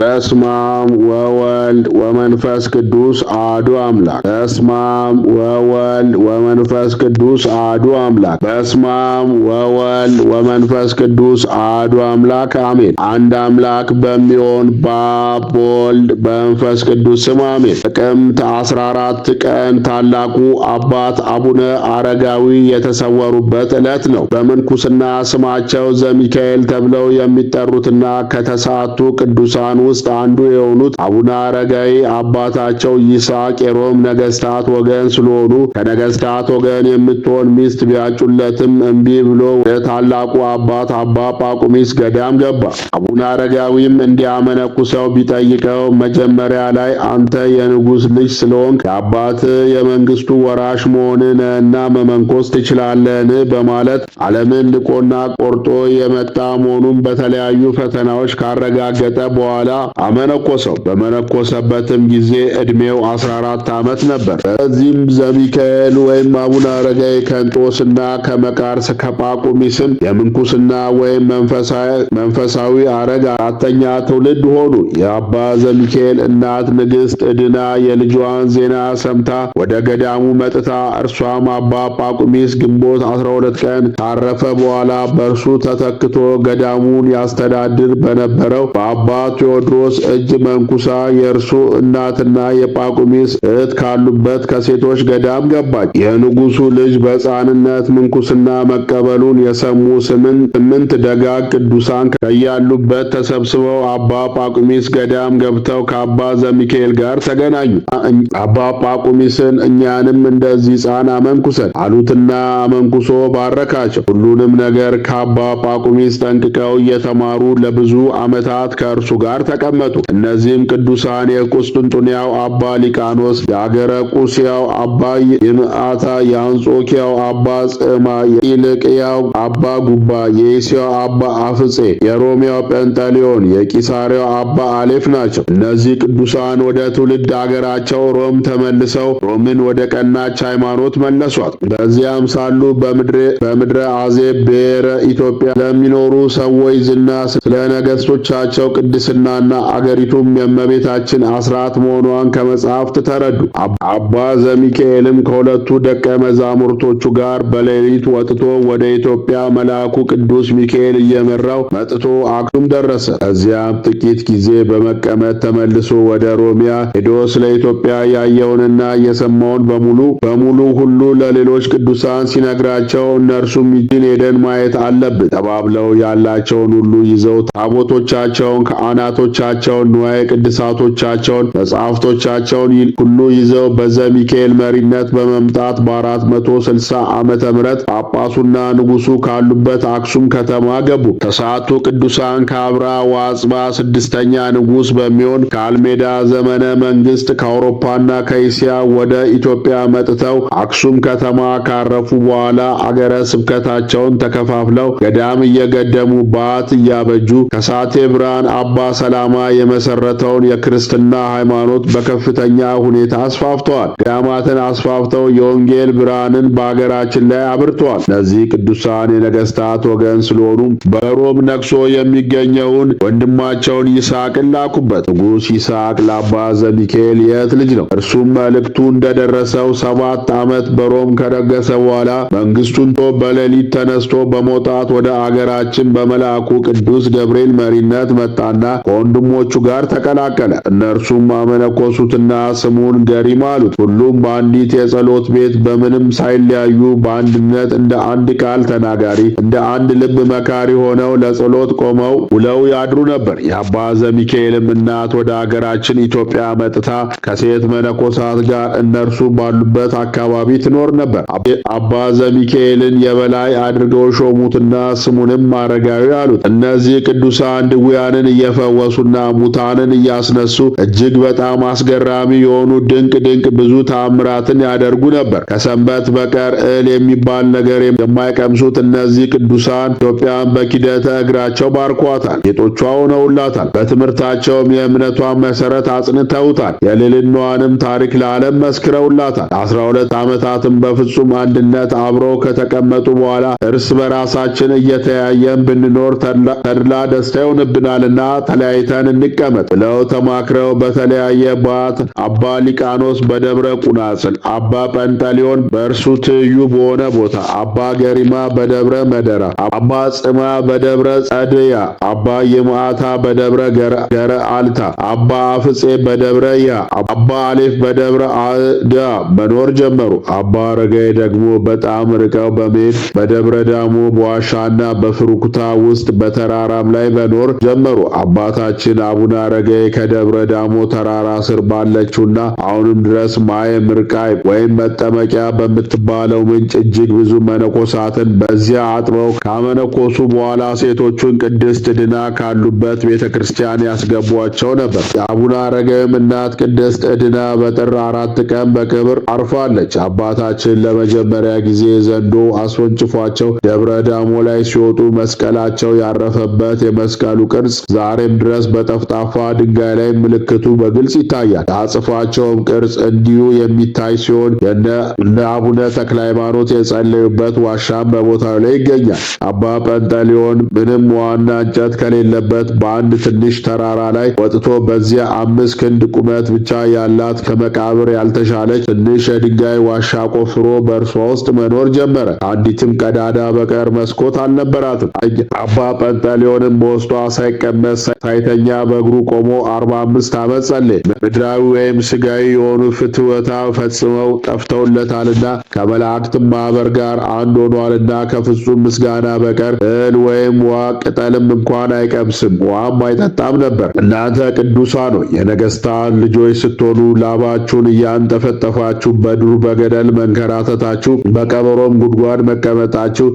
በስማም ወወልድ ወመንፈስ ቅዱስ አዱ አምላክ። በስማም ወወልድ ወመንፈስ ቅዱስ አዱ አምላክ። በስማም ወወልድ ወመንፈስ ቅዱስ አዱ አምላክ አሜን። አንድ አምላክ በሚሆን በአብ በመንፈስ ቅዱስ ስም አሜን። ጥቅምት 14 ቀን ታላቁ አባት አቡነ አረጋዊ የተሰወሩበት ዕለት ነው። በምንኩስና ስማቸው ዘሚካኤል ተብለው የሚጠሩትና ከተሳቱ ቅዱሳን ውስጥ አንዱ የሆኑት አቡነ አረጋዊ አባታቸው ይስሐቅ የሮም ነገስታት ወገን ስለሆኑ ከነገስታት ወገን የምትሆን ሚስት ቢያጩለትም እምቢ ብሎ ወደ ታላቁ አባት አባ ጳቁሚስ ገዳም ገባ። አቡነ አረጋዊም እንዲያመነኩሰው ቢጠይቀው መጀመሪያ ላይ አንተ የንጉሥ ልጅ ስለሆንክ የአባት የመንግስቱ ወራሽ መሆንንና መመንኮስ ትችላለህን በማለት ዓለምን ልቆና ቆርጦ የመጣ መሆኑን በተለያዩ ፈተናዎች ካረጋገጠ በኋላ አመነኮሰው። በመነኮሰበትም ጊዜ ዕድሜው 14 ዓመት ነበር። በዚህም ዘሚካኤል ወይም አቡነ አረጋዊ ከንጦስና ከመቃርስ ከጳቁሚስም የምንኩስና ወይም መንፈሳዊ አረግ አራተኛ ትውልድ ሆኑ። የአባ ዘሚካኤል እናት ንግሥት ዕድና የልጇን ዜና ሰምታ ወደ ገዳሙ መጥታ እርሷም አባ ጳቁሚስ ግንቦት 12 ቀን ካረፈ በኋላ በእርሱ ተተክቶ ገዳሙን ያስተዳድር በነበረው በአባ ቴዎድሮስ እጅ መንኩሳ የእርሱ እናትና የጳቁሚስ እህት ካሉበት ከሴቶች ገዳም ገባች። የንጉሱ ልጅ በሕፃንነት ምንኩስና መቀበሉን የሰሙ ስምንት ደጋግ ቅዱሳን ከያሉበት ተሰብስበው አባ ጳቁሚስ ገዳም ገብተው ከአባ ዘሚካኤል ጋር ተገናኙ። አባ ጳቁሚስን እኛንም እንደዚህ ሕፃን አመንኩሰን አሉትና አመንኩሶ ባረካቸው። ሁሉንም ነገር ከአባ ጳቁሚስ ጠንቅቀው እየተማሩ ለብዙ ዓመታት ከእርሱ ጋር ተቀመጡ። እነዚህም ቅዱሳን የቁስጥንጡንያው አባ ሊቃኖስ፣ የአገረ ቁስያው አባ የምአታ፣ የአንጾኪያው አባ ጽማ፣ የኢልቅያው አባ ጉባ፣ የኢስያው አባ አፍጼ፣ የሮሚያው ጴንጠሊዮን፣ የቂሳሪያው አባ አሌፍ ናቸው። እነዚህ ቅዱሳን ወደ ትውልድ አገራቸው ሮም ተመልሰው ሮምን ወደ ቀናች ሃይማኖት መለሷት። በዚያም ሳሉ በምድረ አዜ ብሔረ ኢትዮጵያ ለሚኖሩ ሰዎች ዝና ስለ ነገስቶቻቸው ቅድስና ኢትዮጵያና አገሪቱም የእመቤታችን አስራት መሆኗን ከመጽሐፍት ተረዱ። አባ ዘሚካኤልም ከሁለቱ ደቀ መዛሙርቶቹ ጋር በሌሊት ወጥቶ ወደ ኢትዮጵያ መልአኩ ቅዱስ ሚካኤል እየመራው መጥቶ አክሱም ደረሰ። ከዚያም ጥቂት ጊዜ በመቀመጥ ተመልሶ ወደ ሮሚያ ሄዶ ስለ ኢትዮጵያ ያየውንና የሰማውን በሙሉ በሙሉ ሁሉ ለሌሎች ቅዱሳን ሲነግራቸው እነርሱም ይችን ሄደን ማየት አለብን ተባብለው ያላቸውን ሁሉ ይዘው ታቦቶቻቸውን ከአናቶች መጽሐፎቻቸውን ንዋየ ቅድሳቶቻቸውን መጽሐፍቶቻቸውን ሁሉ ይዘው ሚካኤል መሪነት በመምጣት በአራት መቶ ስልሳ ዓመተ ምህረት ጳጳሱና ንጉሱ ካሉበት አክሱም ከተማ ገቡ። ከሰዓቱ ቅዱሳን ከአብራ ዋጽባ ስድስተኛ ንጉስ በሚሆን ከአልሜዳ ዘመነ መንግስት ከአውሮፓና ከእስያ ወደ ኢትዮጵያ መጥተው አክሱም ከተማ ካረፉ በኋላ አገረ ስብከታቸውን ተከፋፍለው ገዳም እየገደሙ ባት እያበጁ ከሳቴ ብርሃን አባ ሰላ ዳማ የመሰረተውን የክርስትና ሃይማኖት በከፍተኛ ሁኔታ አስፋፍተዋል። ገዳማትን አስፋፍተው የወንጌል ብርሃንን በሀገራችን ላይ አብርተዋል። እነዚህ ቅዱሳን የነገስታት ወገን ስለሆኑ በሮም ነግሶ የሚገኘውን ወንድማቸውን ይስሐቅን ላኩበት። ንጉሥ ይስሐቅ ለአባ ዘሚካኤል የት ልጅ ነው። እርሱም መልእክቱ እንደደረሰው ሰባት ዓመት በሮም ከነገሰ በኋላ መንግስቱን ቶ በሌሊት ተነስቶ በመውጣት ወደ አገራችን በመልአኩ ቅዱስ ገብርኤል መሪነት መጣና ከወንድሞቹ ጋር ተቀላቀለ። እነርሱም አመነኮሱትና ስሙን ገሪም አሉት። ሁሉም በአንዲት የጸሎት ቤት በምንም ሳይለያዩ በአንድነት እንደ አንድ ቃል ተናጋሪ እንደ አንድ ልብ መካሪ ሆነው ለጸሎት ቆመው ውለው ያድሩ ነበር። የአባ ዘሚካኤልም እናት ወደ አገራችን ኢትዮጵያ መጥታ ከሴት መነኮሳት ጋር እነርሱ ባሉበት አካባቢ ትኖር ነበር። አባ ዘሚካኤልን የበላይ አድርገው ሾሙትና ስሙንም አረጋዊ አሉት። እነዚህ ቅዱሳን ድውያንን እየፈወሱ እያስታወሱና ሙታንን እያስነሱ እጅግ በጣም አስገራሚ የሆኑ ድንቅ ድንቅ ብዙ ታምራትን ያደርጉ ነበር። ከሰንበት በቀር እህል የሚባል ነገር የማይቀምሱት እነዚህ ቅዱሳን ኢትዮጵያን በኪደተ እግራቸው ባርኳታል፣ ጌጦቿ ሆነውላታል። በትምህርታቸውም የእምነቷን መሰረት አጽንተውታል። የልልናዋንም ታሪክ ለዓለም መስክረውላታል። አስራ ሁለት ዓመታትም በፍጹም አንድነት አብረው ከተቀመጡ በኋላ እርስ በራሳችን እየተያየን ብንኖር ተድላ ደስታ ይሆንብናልና ተለያይ ተለያይተን እንቀመጥ ብለው ተማክረው በተለያየ ባት አባ ሊቃኖስ በደብረ ቁናጽል፣ አባ ጰንጠሊዮን በእርሱ ትይዩ በሆነ ቦታ፣ አባ ገሪማ በደብረ መደራ፣ አባ ጽማ በደብረ ጸድያ፣ አባ የማዕታ በደብረ ገረ አልታ፣ አባ አፍጼ በደብረ ያ፣ አባ አሌፍ በደብረ አዳ መኖር ጀመሩ። አባ አረጋይ ደግሞ በጣም ርቀው በመሄድ በደብረ ዳሞ በዋሻና በፍሩኩታ ውስጥ በተራራም ላይ መኖር ጀመሩ። አባታ አባታችን አቡነ አረጋዊ ከደብረ ዳሞ ተራራ ስር ባለችውና አሁንም ድረስ ማየ ምርቃይ ወይም መጠመቂያ በምትባለው ምንጭ እጅግ ብዙ መነኮሳትን በዚያ አጥበው ካመነኮሱ በኋላ ሴቶቹን ቅድስት ድና ካሉበት ቤተ ክርስቲያን ያስገቧቸው ነበር። የአቡነ አረጋዊም እናት ቅድስት ዕድና በጥር አራት ቀን በክብር አርፋለች። አባታችን ለመጀመሪያ ጊዜ ዘንዶ አስወንጭፏቸው ደብረ ዳሞ ላይ ሲወጡ መስቀላቸው ያረፈበት የመስቀሉ ቅርጽ ዛሬም ድረስ ሲደረስ በጠፍጣፋ ድንጋይ ላይ ምልክቱ በግልጽ ይታያል። የአጽፋቸውም ቅርጽ እንዲሁ የሚታይ ሲሆን እነ አቡነ ተክለ ሃይማኖት የጸለዩበት ዋሻም በቦታው ላይ ይገኛል። አባ ጰንጠሊዮን ምንም ዋና እንጨት ከሌለበት በአንድ ትንሽ ተራራ ላይ ወጥቶ በዚያ አምስት ክንድ ቁመት ብቻ ያላት ከመቃብር ያልተሻለች ትንሽ የድንጋይ ዋሻ ቆፍሮ በእርሷ ውስጥ መኖር ጀመረ። አንዲትም ቀዳዳ በቀር መስኮት አልነበራትም። አባ ጰንጠሊዮንም በውስጧ ሳይቀመስ ሳይተ ዳግመኛ በእግሩ ቆሞ አርባ አምስት ዓመት ጸለየ። ምድራዊ ወይም ስጋዊ የሆኑ ፍትወታ ፈጽመው ጠፍተውለታልና ከመላእክትም ማህበር ጋር አንድ ሆኗልና ከፍጹም ምስጋና በቀር እህል ወይም ውሃ ቅጠልም እንኳን አይቀምስም፣ ውሃም አይጠጣም ነበር። እናንተ ቅዱሳን ሆይ የነገስታን ልጆች ስትሆኑ ላባችሁን እያንጠፈጠፋችሁ በዱር በገደል መንከራተታችሁ በቀበሮም ጉድጓድ መቀመጣችሁ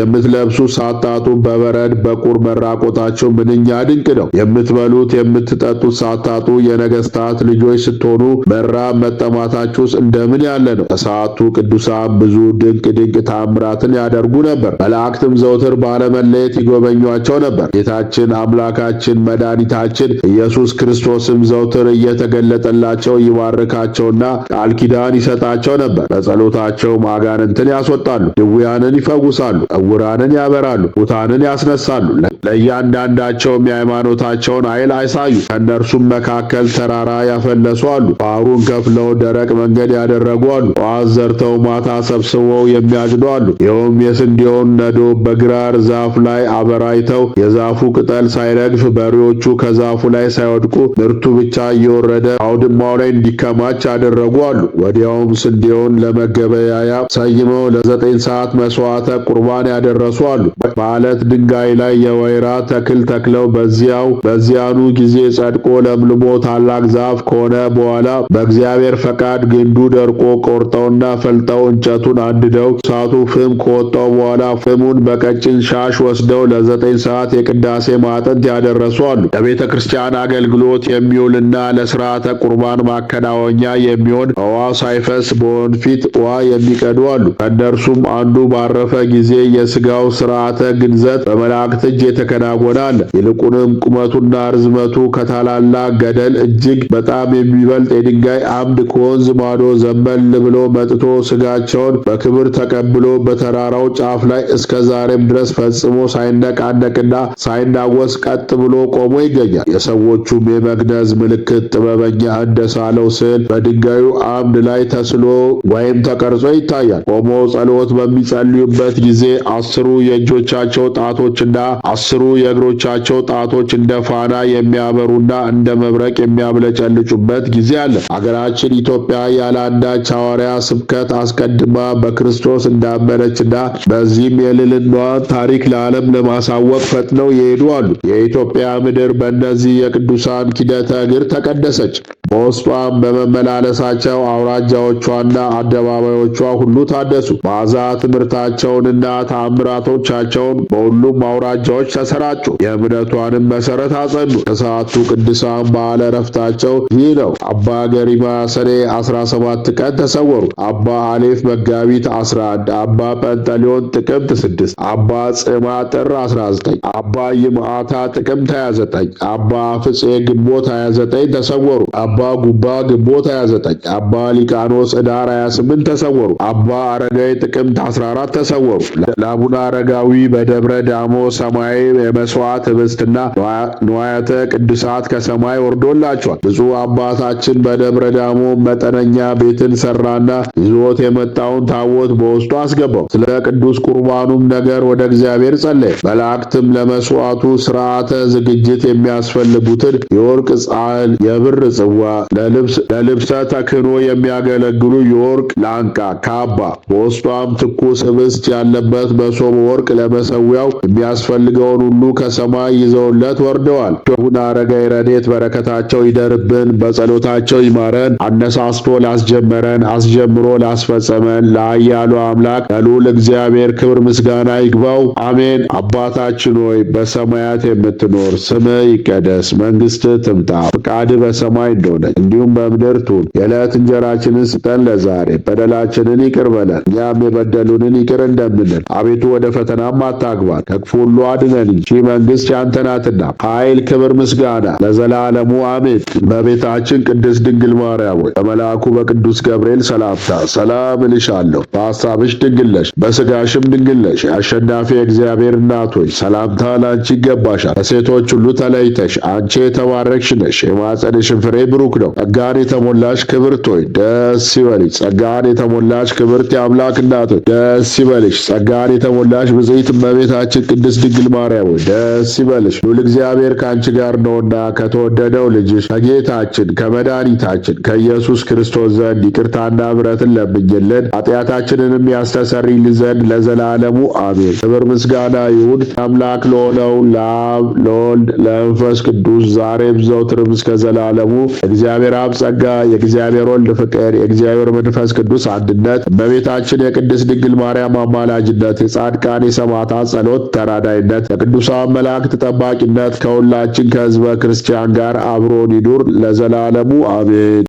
የምትለብሱ ሳታጡ በበረድ በቁር መራቆታችሁ ምንኛ ድንቅ ነው። የምትበሉት የምትጠጡት ሳታጡ የነገስታት ልጆች ስትሆኑ መራብ መጠማታችሁስ እንደምን ያለ ነው? ከሰዓቱ ቅዱሳን ብዙ ድንቅ ድንቅ ታምራትን ያደርጉ ነበር። መላእክትም ዘውትር ባለመለየት ይጎበኟቸው ነበር። ጌታችን አምላካችን መድኃኒታችን ኢየሱስ ክርስቶስም ዘውትር እየተገለጠላቸው ይባርካቸውና ቃል ኪዳን ይሰጣቸው ነበር። በጸሎታቸውም አጋንንትን ያስወጣሉ፣ ድውያንን ይፈውሳሉ፣ ዕውራንን ያበራሉ፣ ሙታንን ያስነሳሉ። ለእያንዳንዳቸውም የሃይማኖት የራቁታቸውን ኃይል አይሳዩ! ከእነርሱም መካከል ተራራ ያፈለሱ አሉ፣ ባህሩን ከፍለው ደረቅ መንገድ ያደረጉ አሉ፣ ጠዋት ዘርተው ማታ ሰብስበው የሚያጭዱ አሉ። ይኸውም የስንዴውን ነዶ በግራር ዛፍ ላይ አበራይተው የዛፉ ቅጠል ሳይረግፍ በሬዎቹ ከዛፉ ላይ ሳይወድቁ ምርቱ ብቻ እየወረደ አውድማው ላይ እንዲከማች ያደረጉ አሉ። ወዲያውም ስንዴውን ለመገበያያ ሰይመው ለዘጠኝ ሰዓት መስዋዕተ ቁርባን ያደረሱ አሉ። በአለት ድንጋይ ላይ የወይራ ተክል ተክለው በዚያው በዚያኑ ጊዜ ጸድቆ ለምልሞ ታላቅ ዛፍ ከሆነ በኋላ በእግዚአብሔር ፈቃድ ግንዱ ደርቆ ቆርጠውና ፈልጠው እንጨቱን አንድደው እሳቱ ፍም ከወጣው በኋላ ፍሙን በቀጭን ሻሽ ወስደው ለዘጠኝ ሰዓት የቅዳሴ ማጠንት ያደረሱ አሉ። ለቤተ ክርስቲያን አገልግሎት የሚውልና ለስርዓተ ቁርባን ማከናወኛ የሚሆን ውሃ ሳይፈስ በወንፊት ውሃ የሚቀዱ አሉ። ከእነርሱም አንዱ ባረፈ ጊዜ የስጋው ስርዓተ ግንዘት በመላእክት እጅ የተከናወነ አለ። ይልቁንም ቁመቱና ርዝመቱ ከታላላቅ ገደል እጅግ በጣም የሚበልጥ የድንጋይ አምድ ከወንዝ ማዶ ዘንበል ብሎ መጥቶ ስጋቸውን በክብር ተቀብሎ በተራራው ጫፍ ላይ እስከ ዛሬም ድረስ ፈጽሞ ሳይነቃነቅና ሳይናወስ ቀጥ ብሎ ቆሞ ይገኛል። የሰዎቹም የመግነዝ ምልክት ጥበበኛ እንደ ሳለው ስዕል በድንጋዩ አምድ ላይ ተስሎ ወይም ተቀርጾ ይታያል። ቆሞ ጸሎት በሚጸልዩበት ጊዜ አስሩ የእጆቻቸው ጣቶችና አስሩ የእግሮቻቸው ጣቶች እንደ ፋና የሚያበሩና እንደ መብረቅ የሚያብለጨልጩበት ጊዜ አለ። አገራችን ኢትዮጵያ ያለ አንዳች ሐዋርያ ስብከት አስቀድማ በክርስቶስ እንዳመነችና በዚህም የልልናዋን ታሪክ ለዓለም ለማሳወቅ ፈጥነው ይሄዱ አሉ። የኢትዮጵያ ምድር በእነዚህ የቅዱሳን ኪደተ እግር ተቀደሰች። በውስጧም በመመላለሳቸው አውራጃዎቿና አደባባዮቿ ሁሉ ታደሱ። ባዛ ትምህርታቸውንና ተአምራቶቻቸውን በሁሉም አውራጃዎች ተሰራጩ። የእምነቷንም መሰ መሰረት አጸዱ። ከሰዓቱ ቅዱሳን በዓለ ረፍታቸው ይህ ነው። አባ ገሪማ ሰኔ 17 ቀን ተሰወሩ። አባ አሌፍ መጋቢት 11፣ አባ ጰንጠሊዮን ጥቅምት 6፣ አባ ጽማ ጥር 19፣ አባ ይምዓታ ጥቅምት 29፣ አባ ፍጼ ግንቦት 29 ተሰወሩ። አባ ጉባ ግንቦት 29፣ አባ ሊቃኖስ ኅዳር 28 ተሰወሩ። አባ አረጋዊ ጥቅምት 14 ተሰወሩ። ለአቡነ አረጋዊ በደብረ ዳሞ ሰማይ የመስዋዕት ህብስትና ንዋያተ ቅዱሳት ከሰማይ ወርዶላቸዋል። ብፁዕ አባታችን በደብረ ዳሞ መጠነኛ ቤትን ሰራና ይዞት የመጣውን ታቦት በውስጡ አስገባው። ስለ ቅዱስ ቁርባኑም ነገር ወደ እግዚአብሔር ጸለየ። መላእክትም ለመስዋዕቱ ስርዓተ ዝግጅት የሚያስፈልጉትን የወርቅ ጻሕል፣ የብር ጽዋ፣ ለልብሰ ተክህኖ የሚያገለግሉ የወርቅ ላንቃ ካባ፣ በውስጧም ትኩስ ህብስት ያለበት መሶበ ወርቅ ለመሰዊያው የሚያስፈልገውን ሁሉ ከሰማይ ይዘውለት ወርደዋል። ሾሁን አረጋዊ ረድኤት በረከታቸው ይደርብን፣ በጸሎታቸው ይማረን። አነሳስቶ ላስጀመረን አስጀምሮ ላስፈጸመን ለአያሉ አምላክ ለልዑል እግዚአብሔር ክብር ምስጋና ይግባው፣ አሜን። አባታችን ሆይ በሰማያት የምትኖር ስምህ ይቀደስ፣ መንግስት ትምጣ፣ ፍቃድህ በሰማይ እንደሆነች እንዲሁም በምድር ትሁን። የዕለት እንጀራችንን ስጠን ለዛሬ፣ በደላችንን ይቅር በለን እኛም የበደሉንን ይቅር እንደምንል፣ አቤቱ ወደ ፈተናም አታግባን ከክፉ ሁሉ አድነን እንጂ መንግስት ያንተ ናትና ኃይል፣ ክብር፣ ምስጋና ለዘላለሙ አሜን። በቤታችን ቅድስት ድንግል ማርያም ሆይ በመልአኩ በቅዱስ ገብርኤል ሰላምታ ሰላም እልሻለሁ። በሐሳብሽ ድንግል ነሽ፣ በሥጋሽም ድንግል ነሽ። የአሸናፊ እግዚአብሔር እናት ሆይ ሰላምታ ለአንቺ ይገባሻል። ከሴቶች ሁሉ ተለይተሽ አንቺ የተባረክሽ ነሽ፣ የማኅፀንሽን ፍሬ ብሩክ ነው። ጸጋን የተሞላሽ ክብርት ሆይ ደስ ይበልሽ። ጸጋን የተሞላሽ ክብርት የአምላክ እናት ሆይ ደስ ይበልሽ። ጸጋን የተሞላሽ ብፅዕት እመቤታችን ቅድስት ድንግል ማርያም ሆይ ደስ ይበልሽ። እግዚአብሔር ከአንቺ ጋር ነውና ከተወደደው ልጅሽ ከጌታችን ከመድኃኒታችን ከኢየሱስ ክርስቶስ ዘንድ ይቅርታና ምሕረትን ለምኝልን ኃጢአታችንንም ያስተሰርይልን ዘንድ ለዘላለሙ አሜን። ክብር ምስጋና ይሁን አምላክ ለሆነው ለአብ ለወልድ ለመንፈስ ቅዱስ ዛሬም ዘወትርም እስከ ዘላለሙ። የእግዚአብሔር አብ ጸጋ፣ የእግዚአብሔር ወልድ ፍቅር፣ የእግዚአብሔር መንፈስ ቅዱስ አንድነት፣ በቤታችን የቅድስት ድንግል ማርያም አማላጅነት፣ የጻድቃን የሰማዕታት ጸሎት ተራዳይነት፣ የቅዱሳን መላእክት ጠባቂነት ከሁላችን ከህዝበ ክርስቲያን ጋር አብሮ ይኑር ለዘላለሙ አሜን።